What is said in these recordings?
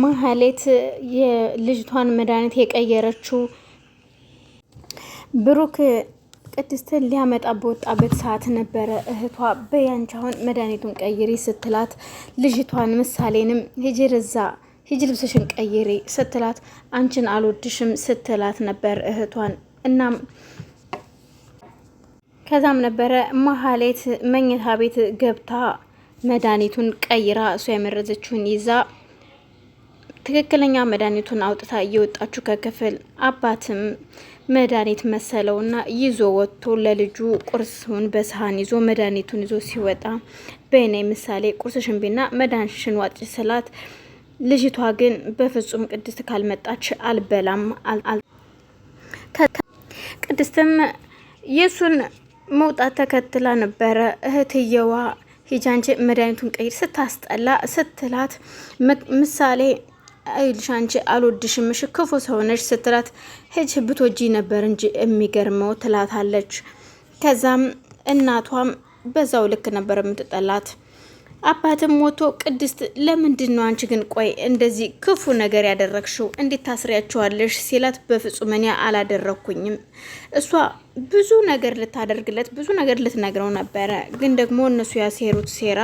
ማህሌት የልጅቷን መድኃኒት የቀየረችው ብሩክ ቅድስትን ሊያመጣ በወጣበት ሰዓት ነበረ። እህቷ በያንቺ አሁን መድኃኒቱን ቀይሪ ስትላት ልጅቷን ምሳሌንም ሂጂ ርዛ ሂጂ ልብስሽን ቀይሪ ስትላት አንቺን አልወድሽም ስትላት ነበር እህቷን። እናም ከዛም ነበረ ማህሌት መኝታ ቤት ገብታ መድኃኒቱን ቀይራ እሷ የመረዘችውን ይዛ ትክክለኛ መድኃኒቱን አውጥታ እየወጣችሁ ከክፍል አባትም መድኃኒት መሰለውና ይዞ ወጥቶ ለልጁ ቁርስን በሰሀን ይዞ መድኃኒቱን ይዞ ሲወጣ በእኔ ምሳሌ ቁርስሽን ቢና መድኃኒትሽን ዋጭ ስላት፣ ልጅቷ ግን በፍጹም ቅድስት ካልመጣች አልበላም። ቅድስትም የእሱን መውጣት ተከትላ ነበረ እህትየዋ ሂጃንጅ መድኃኒቱን ቀይር ስታስጠላ ስትላት ምሳሌ አይልሽ አንቺ አልወድሽም እሺ ክፉ ሰውነሽ ስትላት ሂጅ ብትወጂ ነበር እንጂ የሚገርመው ትላታለች። ከዛም እናቷም በዛው ልክ ነበር የምትጠላት። አባትም ሞቶ ቅድስት ለምንድን ነው አንቺ ግን ቆይ እንደዚህ ክፉ ነገር ያደረግሽው እንዴት ታስሪያቸዋለሽ? ሲላት በፍጹም እኔ አላደረግኩኝም። እሷ ብዙ ነገር ልታደርግለት ብዙ ነገር ልትነግረው ነበረ፣ ግን ደግሞ እነሱ ያሴሩት ሴራ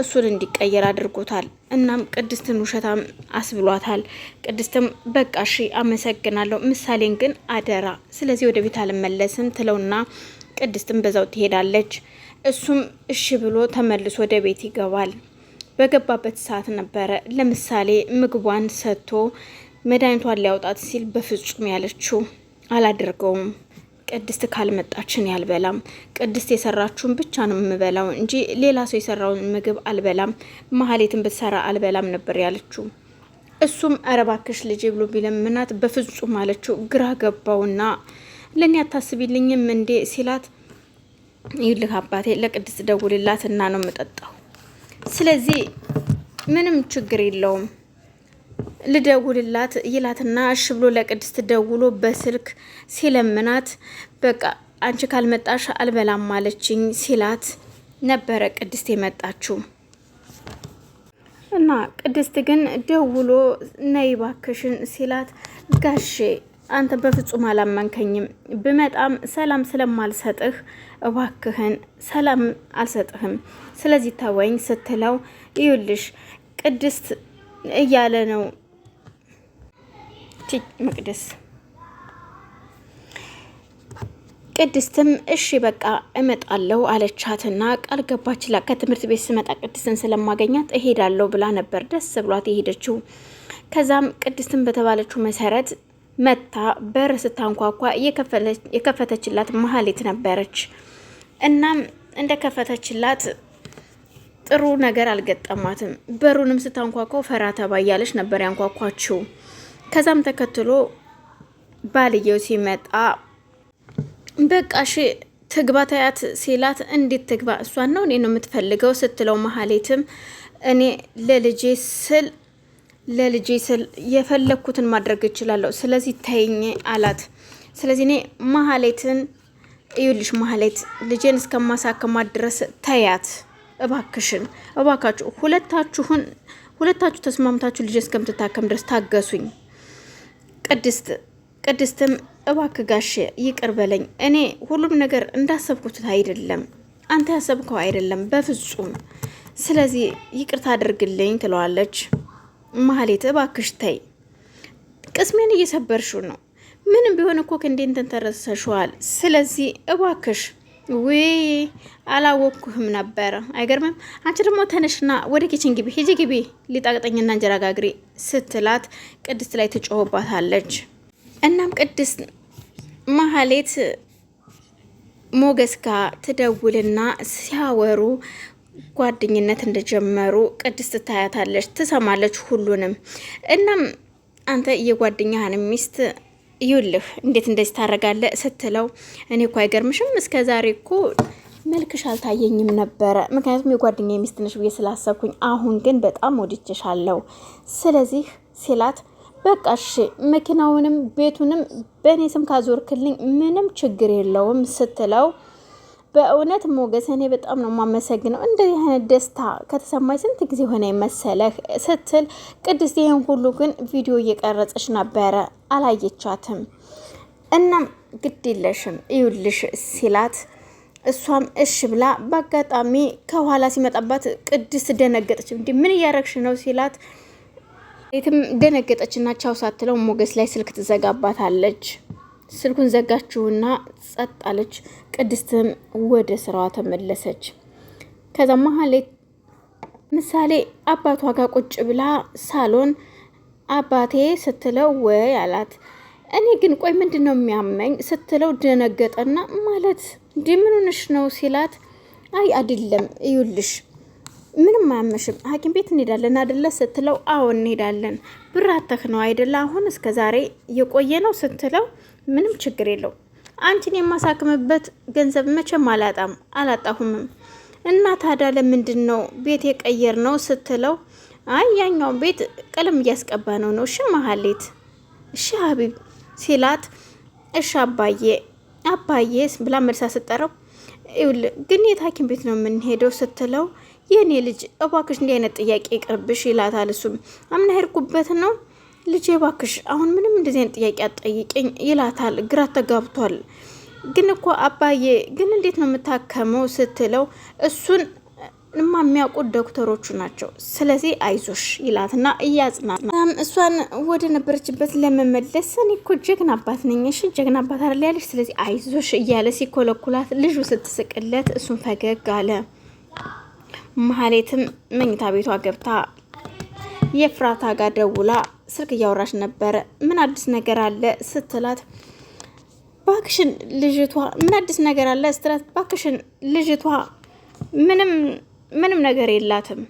እሱን እንዲቀየር አድርጎታል። እናም ቅድስትን ውሸታም አስብሏታል። ቅድስትም በቃ እሺ አመሰግናለሁ፣ ምሳሌን ግን አደራ፣ ስለዚህ ወደ ቤት አልመለስም ትለውና ቅድስትም በዛው ትሄዳለች። እሱም እሺ ብሎ ተመልሶ ወደ ቤት ይገባል። በገባበት ሰዓት ነበረ ለምሳሌ ምግቧን ሰጥቶ መድኃኒቷን ሊያውጣት ሲል በፍጹም ያለችው አላደርገውም ቅድስት ካልመጣችን ያልበላም፣ ቅድስት የሰራችሁን ብቻ ነው የምበላው እንጂ ሌላ ሰው የሰራውን ምግብ አልበላም፣ መሀሌትን ብትሰራ አልበላም ነበር ያለችው። እሱም አረባክሽ ልጄ ብሎ ቢለምናት በፍጹም አለችው። ግራ ገባውና ለእኔ አታስቢልኝም እንዴ ሲላት ይልህ አባቴ ለቅድስት ደውልላት እና ነው የምጠጣው። ስለዚህ ምንም ችግር የለውም ልደውልላት ይላትና እሽ ብሎ ለቅድስት ደውሎ በስልክ ሲለምናት በቃ አንቺ ካልመጣሽ አልበላም ማለችኝ ሲላት ነበረ ቅድስት የመጣችው እና ቅድስት ግን ደውሎ ነይ ባክሽን ሲላት ጋሼ አንተ በፍጹም አላመንከኝም ብመጣም ሰላም ስለማልሰጥህ እባክህን ሰላም አልሰጥህም ስለዚህ ተወኝ ስትለው ይዩልሽ ቅድስት እያለ ነው መቅደስ ቅድስትም እሺ በቃ እመጣለሁ አለቻትና ቃል ገባችላት። ከትምህርት ቤት ስመጣ ቅድስትን ስለማገኛት እሄዳለሁ ብላ ነበር ደስ ብሏት የሄደችው። ከዛም ቅድስትን በተባለችው መሰረት መታ በር ስታንኳኳ የከፈተችላት መሀሌት ነበረች። እናም እንደ ከፈተችላት ጥሩ ነገር አልገጠማትም። በሩንም ስታንኳኳው ፈራ ተባ እያለች ነበር ያንኳኳችው። ከዛም ተከትሎ ባልየው ሲመጣ በቃሽ ትግባ ታያት ሲላት እንዴት ትግባ? እሷን ነው እኔ ነው የምትፈልገው ስትለው መሀሌትም እኔ ለልጄ ስል ለልጄ ስል የፈለግኩትን ማድረግ እችላለሁ፣ ስለዚህ ተይኝ አላት። ስለዚህ እኔ መሀሌትን እዩልሽ መሀሌት ልጄን እስከማሳከማት ድረስ ተያት እባክሽን፣ እባካችሁ ሁለታችሁን ሁለታችሁ ተስማምታችሁ ልጄ እስከምትታከም ድረስ ታገሱኝ ቅድስት ቅድስትም እባክ ጋሼ ይቅር በለኝ፣ እኔ ሁሉም ነገር እንዳሰብኩት አይደለም፣ አንተ ያሰብከው አይደለም በፍጹም። ስለዚህ ይቅርታ አድርግልኝ ትለዋለች። ማህሌት እባክሽ ተይ፣ ቅስሜን እየሰበርሹ ነው። ምንም ቢሆን እኮ ክንዴን ተንተረሰሸዋል። ስለዚህ እባክሽ ውይ አላወቅኩህም ነበረ። አይገርምም? አንቺ ደግሞ ተነሽና ወደ ኪችን ግቢ፣ ሂጂ ግቢ፣ ሊጣቅጠኝና እንጀራ ጋግሪ ስትላት ቅድስት ላይ ትጮህባታለች። እናም ቅድስት መሀሌት ሞገስ ጋር ትደውልና ሲያወሩ ጓደኝነት እንደጀመሩ ቅድስት ትታያታለች፣ ትሰማለች ሁሉንም። እናም አንተ የጓደኛህን ሚስት ይውልህ እንዴት እንደዚህ ታረጋለ ስትለው እኔ እኮ አይገርምሽም እስከ ዛሬ እኮ መልክሽ አልታየኝም ነበረ፣ ምክንያቱም የጓደኛ ሚስት ነሽ ብዬ ስላሰብኩኝ፣ አሁን ግን በጣም ወድጄሻለሁ። ስለዚህ ሲላት በቃ እሺ መኪናውንም ቤቱንም በእኔ ስም ካዞርክልኝ ምንም ችግር የለውም ስትለው በእውነት ሞገስ እኔ በጣም ነው የማመሰግነው። እንደዚህ አይነት ደስታ ከተሰማኝ ስንት ጊዜ ሆነ መሰለህ ስትል ቅድስት ይህን ሁሉ ግን ቪዲዮ እየቀረጸች ነበረ፣ አላየቻትም። እናም ግድ የለሽም እዩልሽ ሲላት እሷም እሽ ብላ በአጋጣሚ ከኋላ ሲመጣባት ቅድስት ደነገጠች። እንዲህ ምን እያረግሽ ነው ሲላት የትም ደነገጠችና ቻው ሳትለው ሞገስ ላይ ስልክ ትዘጋባታለች። ስልኩን ዘጋችውና ጸጥ አለች። ቅድስትም ወደ ስራዋ ተመለሰች። ከዛ መሀሌ ምሳሌ አባቷ ጋር ቁጭ ብላ ሳሎን አባቴ ስትለው ወይ አላት። እኔ ግን ቆይ ምንድን ነው የሚያመኝ ስትለው ደነገጠና ማለት እንዲህ ነው ሲላት፣ አይ አይደለም እዩልሽ ምንም አያመሽም ሐኪም ቤት እንሄዳለን አደለ ስትለው፣ አዎ እንሄዳለን ብራተክ ነው አይደለ አሁን እስከ ዛሬ የቆየ ነው ስትለው ምንም ችግር የለው። አንቺን የማሳክምበት ገንዘብ መቼም አላጣም አላጣሁምም። እና ታዲያ ለምንድን ነው ቤት የቀየር ነው ስትለው፣ አይ ያኛውን ቤት ቀለም እያስቀባ ነው ነው። እሺ መሀሌት፣ እሺ ሀቢብ ሲላት፣ እሺ አባዬ አባዬ ብላ መልሳ ስጠረው፣ ይውል ግን የት ሐኪም ቤት ነው የምንሄደው ስትለው፣ የእኔ ልጅ እባክሽ እንዲህ አይነት ጥያቄ ይቅርብሽ ይላታል። እሱም አምና ሄድኩበት ነው ልጄ ባክሽ አሁን ምንም እንደዚህ ጥያቄ አጠይቅኝ ይላታል። ግራ ተጋብቷል። ግን እኮ አባዬ ግን እንዴት ነው የምታከመው ስትለው እሱን እማ የሚያውቁት ዶክተሮቹ ናቸው። ስለዚህ አይዞሽ ይላትና እያጽናናም እሷን ወደ ነበረችበት ለመመለስ እኔ እኮ ጀግና አባት ነኝ፣ እሺ ጀግና አባት አይደል ያለሽ፣ ስለዚህ አይዞሽ እያለ ሲኮለኩላት ልጁ ስትስቅለት እሱን ፈገግ አለ። መሀሌትም መኝታ ቤቷ ገብታ የፍራታ ጋር ደውላ ስልክ እያወራች ነበረ። ምን አዲስ ነገር አለ ስትላት ባክሽን ልጅቷ ምን አዲስ ነገር አለ ስትላት ባክሽን ልጅቷ ምንም ምንም ነገር የላትም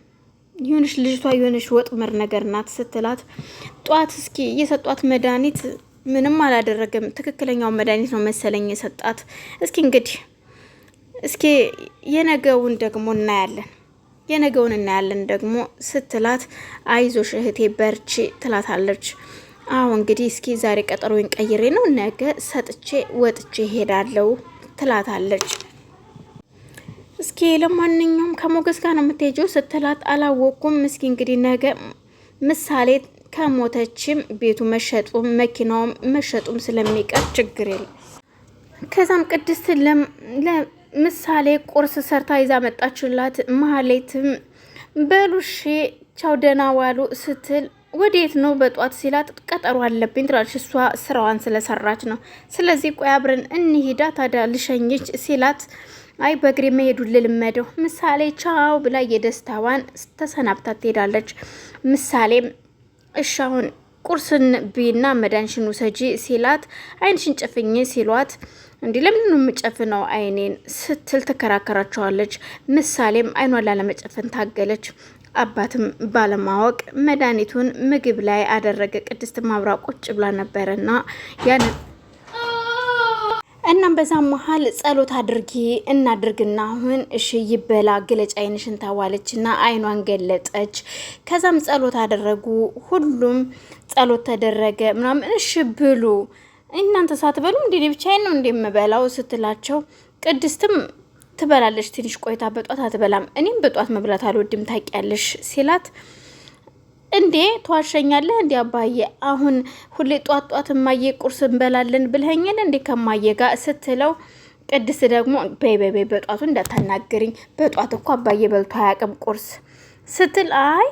የሆነች ልጅቷ የሆነች ወጥመር ነገር ናት ስትላት ጧት እስኪ የሰጧት መድኃኒት ምንም አላደረገም። ትክክለኛው መድኃኒት ነው መሰለኝ የሰጣት። እስኪ እንግዲህ እስኪ የነገውን ደግሞ እናያለን። የነገውን እናያለን ደግሞ ስትላት አይዞሽ እህቴ በርቺ ትላታለች። አሁ እንግዲህ እስኪ ዛሬ ቀጠሮዬን ቀይሬ ነው ነገ ሰጥቼ ወጥቼ ሄዳለው ትላታለች። እስኪ ለማንኛውም ከሞገስ ጋር ነው የምትሄጂው ስትላት አላወቅኩም። እስኪ እንግዲህ ነገ ምሳሌ ከሞተችም ቤቱ መሸጡም መኪናውም መሸጡም ስለሚቀር ችግር የለም። ከዛም ቅድስት ምሳሌ ቁርስ ሰርታ ይዛ መጣችላት። መሀሌትም በሉሼ ቻው ደህና ዋሉ ስትል ወዴት ነው በጧት ሲላት ቀጠሮ አለብኝ ትላለች። እሷ ስራዋን ስለሰራች ነው። ስለዚህ ቆይ አብረን እንሂዳ ታዲያ ልሸኝች ሲላት አይ በእግሬ መሄዱ ልልመደው ምሳሌ ቻው ብላ የደስታዋን ተሰናብታ ትሄዳለች። ምሳሌም እሺ ቁርስን ብይና መድኃኒትሽን ውሰጂ ሲላት ዓይንሽን ጨፍኝ ሲሏት እንዲህ ለምን ነው የምጨፍነው ዓይኔን ስትል ትከራከራቸዋለች። ምሳሌም ዓይኗን ላለመጨፈን ታገለች። አባትም ባለማወቅ መድኃኒቱን ምግብ ላይ አደረገ። ቅድስት ማብራ ቁጭ ብላ ነበረና ያንን እናም በዛ መሀል ጸሎት አድርጊ እናድርግና አሁን እሺ ይበላ ግለጭ አይንሽን ታዋለች እና አይኗን ገለጠች። ከዛም ጸሎት አደረጉ። ሁሉም ጸሎት ተደረገ ምናምን እሺ ብሉ እናንተ ሳትበሉ እንዴ ብቻዬን ነው እንደምበላው ስትላቸው ቅድስትም ትበላለች ትንሽ ቆይታ፣ በጧት አትበላም። እኔም በጧት መብላት አልወድም ታውቂያለሽ ሲላት እንዴ ተዋሸኛለህ እንዴ አባዬ አሁን ሁሌ ጧት ጧት እማዬ ቁርስ እንበላለን ብለኸኛል እንዴ ከማየ ጋር ስትለው ቅድስት ደግሞ በይ በይ በይ በጧቱ እንዳታናግርኝ በጧት እኮ አባዬ በልቶ አያውቅም ቁርስ ስትል አይ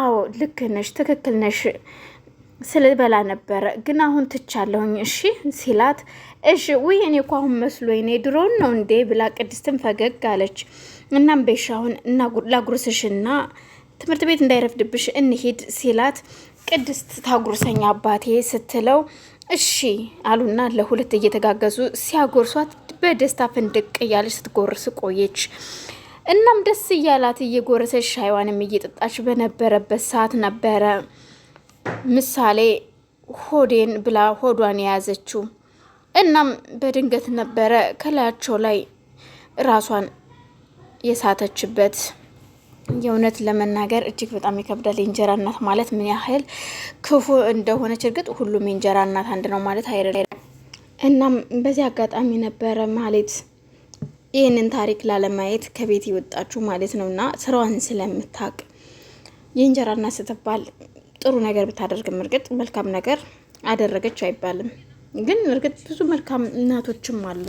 አዎ ልክ ነሽ ትክክል ነሽ ነበረ ግን አሁን ትቻለሁኝ እሺ ሲላት እሺ ውይ እኔ እኮ አሁን መስሎ ነው ድሮውን ነው እንዴ ብላ ቅድስትን ፈገግ አለች እናም ቤሻሁን ላጉርስሽና ትምህርት ቤት እንዳይረፍድብሽ እንሄድ ሲላት ቅድስት ታጉርሰኛ አባቴ ስትለው እሺ አሉና ለሁለት እየተጋገዙ ሲያጎርሷት በደስታ ፍንድቅ እያለች ስትጎርስ ቆየች። እናም ደስ እያላት እየጎረሰች ሻይዋንም እየጠጣች በነበረበት ሰዓት ነበረ ምሳሌ ሆዴን ብላ ሆዷን የያዘችው። እናም በድንገት ነበረ ከላያቸው ላይ ራሷን የሳተችበት። የእውነት ለመናገር እጅግ በጣም ይከብዳል። የእንጀራ እናት ማለት ምን ያህል ክፉ እንደሆነች እርግጥ ሁሉም የእንጀራ እናት አንድ ነው ማለት አይደለም። እናም በዚህ አጋጣሚ ነበረ ማለት ይህንን ታሪክ ላለማየት ከቤት የወጣችሁ ማለት ነው እና ስራዋን ስለምታቅ የእንጀራ እናት ስትባል ጥሩ ነገር ብታደርግም እርግጥ መልካም ነገር አደረገች አይባልም። ግን እርግጥ ብዙ መልካም እናቶችም አሉ፣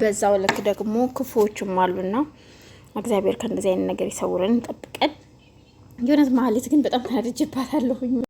በዛው ልክ ደግሞ ክፉዎችም አሉና እግዚአብሔር ከእንደዚህ አይነት ነገር ይሰውረን፣ እንጠብቀን። የእውነት መሀሌት ግን በጣም ተናድጄባታለሁኝ።